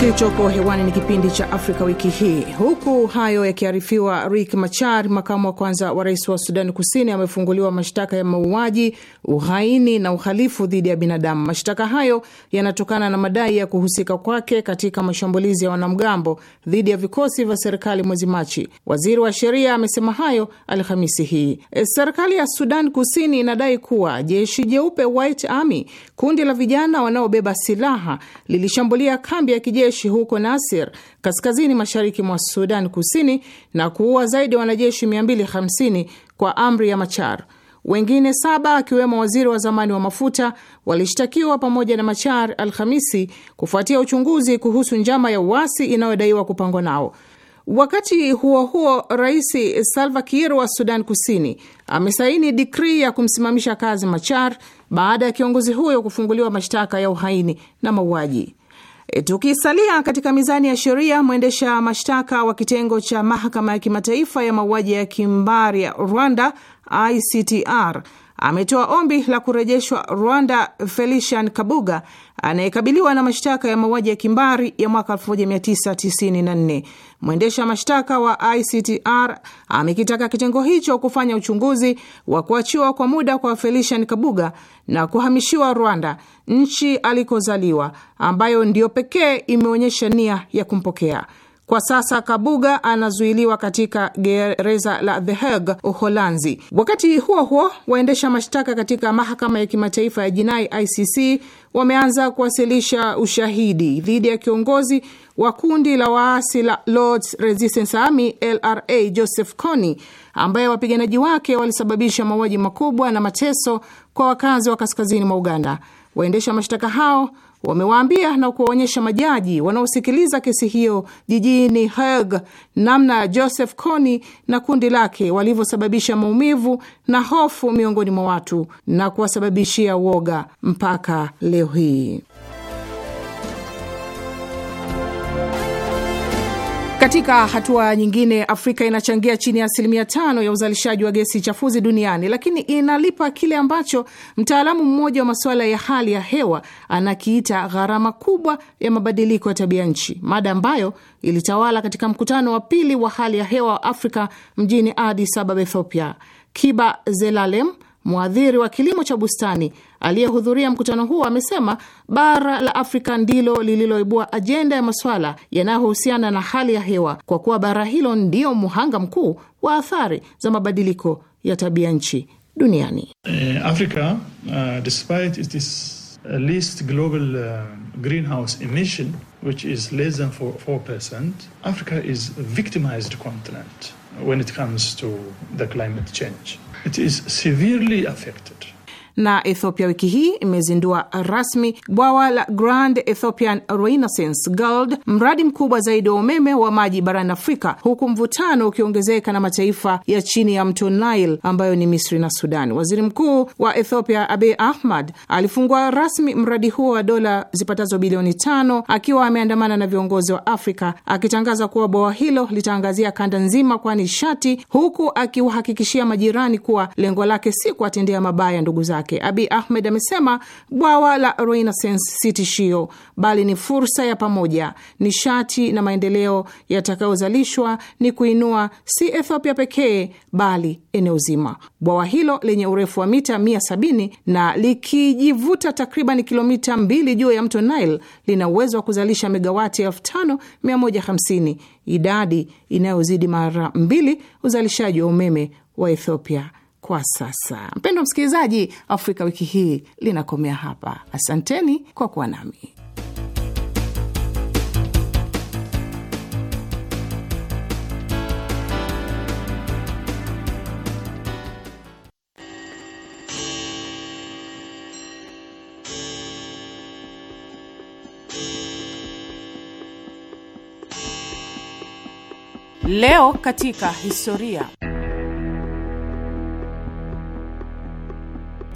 Kilichoko hewani ni kipindi cha Afrika wiki hii. Huku hayo yakiarifiwa, rik Machar, makamu wa kwanza wa rais wa Sudani Kusini, amefunguliwa mashtaka ya mauaji, uhaini na uhalifu dhidi ya binadamu. Mashtaka hayo yanatokana na madai ya kuhusika kwake katika mashambulizi ya wanamgambo dhidi ya vikosi vya serikali mwezi Machi. Waziri wa sheria amesema hayo Alhamisi hii. E, serikali ya Sudan Kusini inadai kuwa jeshi jeupe White Army, kundi la vijana wanaobeba silaha, lilishambulia kambi ya kijeshi kijeshi huko Nasir, kaskazini mashariki mwa Sudan Kusini, na kuua zaidi ya wanajeshi 250 kwa amri ya Machar. Wengine saba akiwemo waziri wa zamani wa mafuta walishtakiwa pamoja na Machar Alhamisi kufuatia uchunguzi kuhusu njama ya uasi inayodaiwa kupangwa nao. Wakati huo huo, Rais Salva Kiir wa Sudan Kusini amesaini dikri ya kumsimamisha kazi Machar baada ya kiongozi huyo kufunguliwa mashtaka ya uhaini na mauaji. E, tukisalia katika mizani ya sheria, mwendesha mashtaka wa kitengo cha mahakama ya kimataifa ya mauaji ya kimbari ya Rwanda ICTR ametoa ombi la kurejeshwa Rwanda Felician Kabuga anayekabiliwa na mashtaka ya mauaji ya kimbari ya mwaka 1994. Mwendesha mashtaka wa ICTR amekitaka kitengo hicho kufanya uchunguzi wa kuachiwa kwa muda kwa Felician Kabuga na kuhamishiwa Rwanda, nchi alikozaliwa, ambayo ndiyo pekee imeonyesha nia ya kumpokea. Kwa sasa Kabuga anazuiliwa katika gereza la The Hague, Uholanzi. Wakati huo huo, waendesha mashtaka katika mahakama ya kimataifa ya jinai ICC wameanza kuwasilisha ushahidi dhidi ya kiongozi wa kundi la waasi la Lords Resistance Army LRA Joseph Kony ambaye wapiganaji wake walisababisha mauaji makubwa na mateso kwa wakazi wa kaskazini mwa Uganda. Waendesha mashtaka hao wamewaambia na kuwaonyesha majaji wanaosikiliza kesi hiyo jijini Hague namna ya Joseph Kony na kundi lake walivyosababisha maumivu na hofu miongoni mwa watu na kuwasababishia woga mpaka leo hii. Katika hatua nyingine, Afrika inachangia chini ya asilimia tano ya uzalishaji wa gesi chafuzi duniani, lakini inalipa kile ambacho mtaalamu mmoja wa masuala ya hali ya hewa anakiita gharama kubwa ya mabadiliko ya tabia nchi, mada ambayo ilitawala katika mkutano wa pili wa hali ya hewa wa Afrika mjini Adis Ababa, Ethiopia. Kiba Zelalem Mwadhiri wa kilimo cha bustani aliyehudhuria mkutano huo amesema bara la Afrika ndilo lililoibua ajenda ya masuala yanayohusiana na hali ya hewa kwa kuwa bara hilo ndiyo mhanga mkuu wa athari za mabadiliko ya tabia nchi duniani. Uh, Africa, uh, despite it is uh, least global uh, greenhouse emission which is less than 4%, Africa is victimized continent when it comes to the climate change. it is severely affected. na Ethiopia wiki hii imezindua rasmi bwawa la Grand Ethiopian Renaissance Gold, mradi mkubwa zaidi wa umeme wa maji barani Afrika, huku mvutano ukiongezeka na mataifa ya chini ya mto Nile ambayo ni Misri na Sudan. Waziri Mkuu wa Ethiopia Abiy Ahmed alifungua rasmi mradi huo wa dola zipatazo bilioni tano akiwa ameandamana na viongozi wa Afrika akitangaza kuwa bwawa hilo litaangazia kanda nzima kwa nishati, huku akiwahakikishia majirani kuwa lengo lake si kuwatendea mabaya ndugu zake yake. Abi Ahmed amesema bwawa la Renaissance si tishio, bali ni fursa ya pamoja. Nishati na maendeleo yatakayozalishwa ni kuinua si Ethiopia pekee, bali eneo zima. Bwawa hilo lenye urefu wa mita 170 na likijivuta takriban kilomita mbili juu ya mto Nile lina uwezo wa kuzalisha megawati 5150 idadi inayozidi mara mbili uzalishaji wa umeme wa Ethiopia kwa sasa. Mpendo msikilizaji, Afrika wiki hii linakomea hapa. Asanteni kwa kuwa nami. Leo katika historia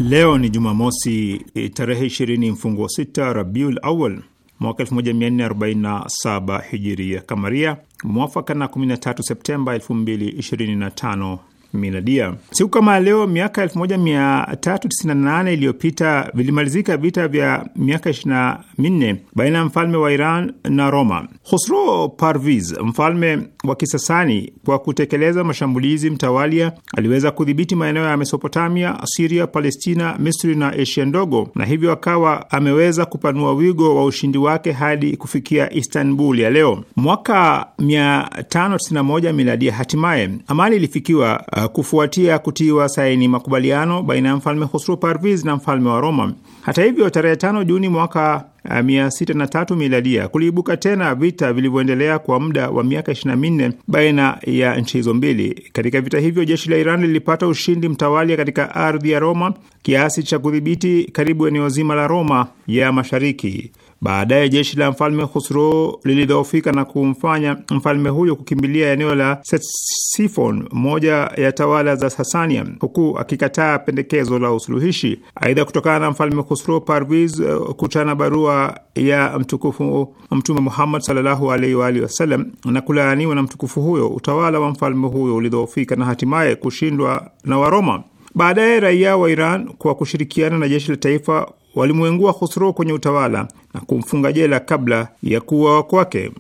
Leo ni Jumamosi eh, tarehe 20 mfungo wa sita Rabiul Awal mwaka 1447 hijiria kamaria mwafaka na 13 Septemba 2025 minadia. Siku kama leo miaka 1398 iliyopita vilimalizika vita vya miaka 24 baina ya mfalme wa Iran na Roma. Khosro Parviz, mfalme wa Kisasani, kwa kutekeleza mashambulizi mtawalia, aliweza kudhibiti maeneo ya Mesopotamia, Siria, Palestina, Misri na Asia ndogo, na hivyo akawa ameweza kupanua wigo wa ushindi wake hadi kufikia Istanbul ya leo. Mwaka 591 miladia, hatimaye amali ilifikiwa kufuatia kutiwa saini makubaliano baina ya mfalme Husru Parvis na mfalme wa Roma. Hata hivyo, tarehe tano Juni mwaka eh, tatu miladia kuliibuka tena vita vilivyoendelea kwa muda wa miaka 24 baina ya nchi hizo mbili. Katika vita hivyo jeshi la Iran lilipata ushindi mtawalia katika ardhi ya Roma kiasi cha kudhibiti karibu eneo zima la Roma ya mashariki. Baadaye jeshi la mfalme Khusro lilidhoofika na kumfanya mfalme huyo kukimbilia eneo la Ctesiphon, moja ya tawala za Sasania, huku akikataa pendekezo la usuluhishi. Aidha, kutokana na mfalme Khusro Parviz eh, kuchana barua ya mtukufu Mtume Muhammad sallallahu alaihi wa alihi wasallam na kulaaniwa na mtukufu huyo, utawala wa mfalme huyo ulidhoofika na hatimaye kushindwa na Waroma. Baadaye raia wa Iran kwa kushirikiana na jeshi la taifa walimwengua khusro kwenye utawala na kumfunga jela kabla ya kuuawa kwake.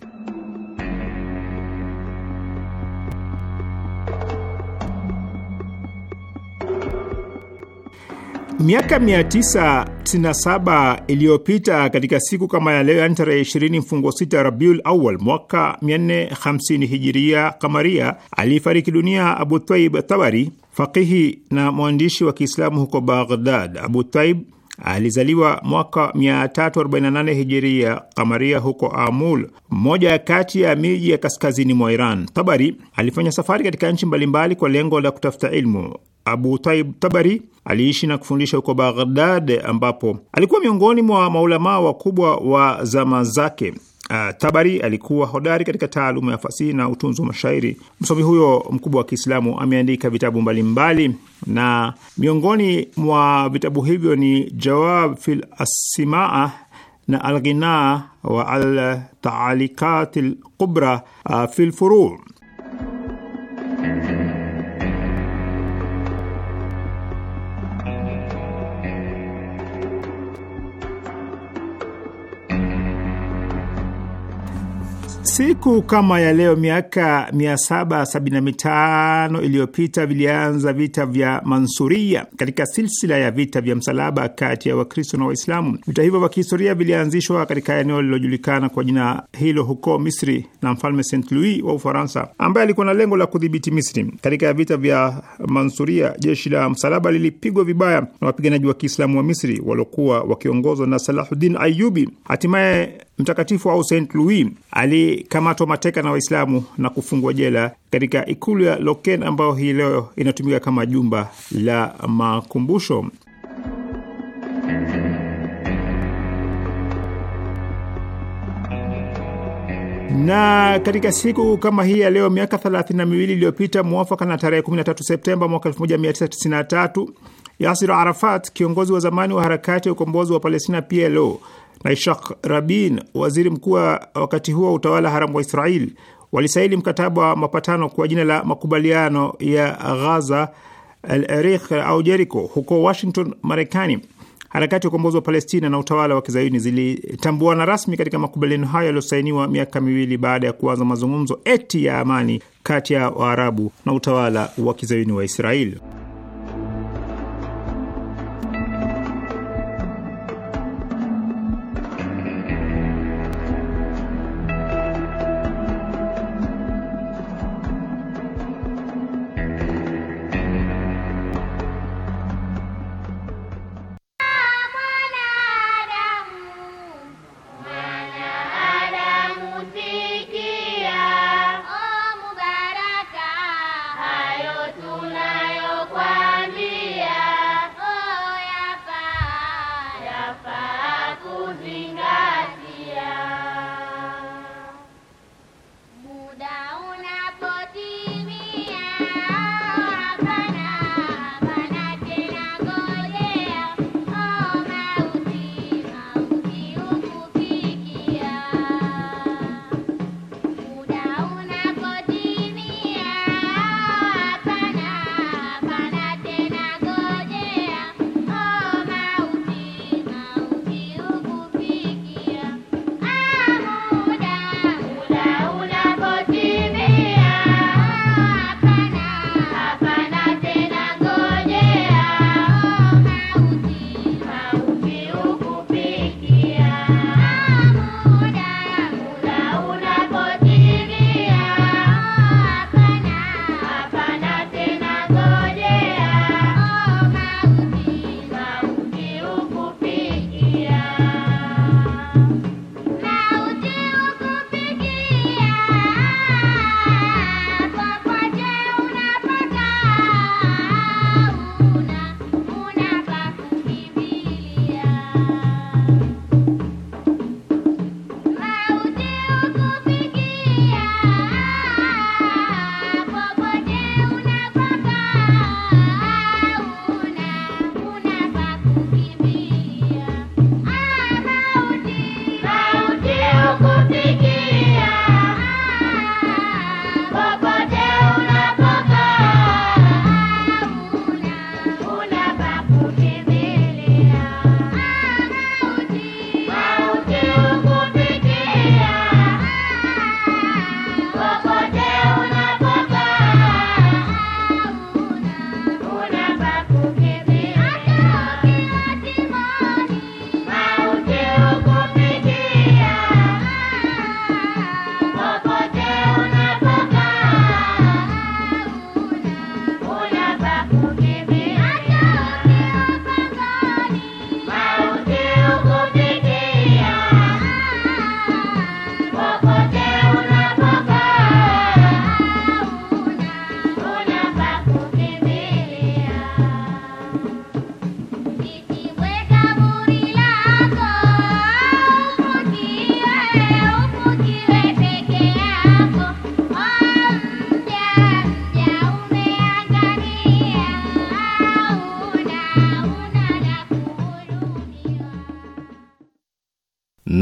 Miaka 997 iliyopita katika siku kama ya leo, yani tarehe 20 mfungo 6 Rabiul Awal mwaka 450 hijiria kamaria, alifariki dunia Abu Taib Tabari, fakihi na mwandishi wa Kiislamu huko Baghdad. Abu Taib Alizaliwa mwaka 348 hijiria kamaria huko Amul, mmoja ya kati ya miji ya kaskazini mwa Iran. Tabari alifanya safari katika nchi mbalimbali kwa lengo la kutafuta ilmu. Abu Taib Tabari aliishi na kufundisha huko Baghdad, ambapo alikuwa miongoni mwa maulamaa wakubwa wa zama zake. Uh, Tabari alikuwa hodari katika taaluma ya fasihi na utunzi wa mashairi. Msomi huyo mkubwa wa Kiislamu ameandika vitabu mbalimbali mbali, na miongoni mwa vitabu hivyo ni Jawab fil Asimaa na Alghina wa Altaalikat Lkubra uh, eh, fi -hmm. Siku kama ya leo miaka 775 iliyopita vilianza vita vya Mansuria katika silsila ya vita vya msalaba kati ya Wakristo na Waislamu. Vita hivyo vya kihistoria vilianzishwa katika eneo lililojulikana kwa jina hilo huko Misri na mfalme St Louis wa Ufaransa, ambaye alikuwa na lengo la kudhibiti Misri. Katika vita vya Mansuria, jeshi la msalaba lilipigwa vibaya na wapiganaji wa Kiislamu wa Misri waliokuwa wakiongozwa na Salahuddin Ayubi. Hatimaye mtakatifu au Saint Louis alikamatwa mateka na Waislamu na kufungwa jela katika ikulu ya Loken ambayo hii leo inatumika kama jumba la makumbusho. na katika siku kama hii ya leo miaka thelathini na miwili iliyopita mwafaka na tarehe 13 Septemba mwaka 1993, Yasir Arafat, kiongozi wa zamani wa harakati ya ukombozi wa Palestina PLO, na Ishak Rabin, waziri mkuu wa wakati huo wa utawala haramu wa Israel, walisaini mkataba wa mapatano kwa jina la makubaliano ya Ghaza al Erikh au Jeriko huko Washington, Marekani. Harakati ya ukombozi wa Palestina na utawala wa kizayuni zilitambuana rasmi katika makubaliano hayo yaliyosainiwa miaka miwili baada ya kuanza mazungumzo eti ya amani kati ya Waarabu na utawala wa kizayuni wa Israeli.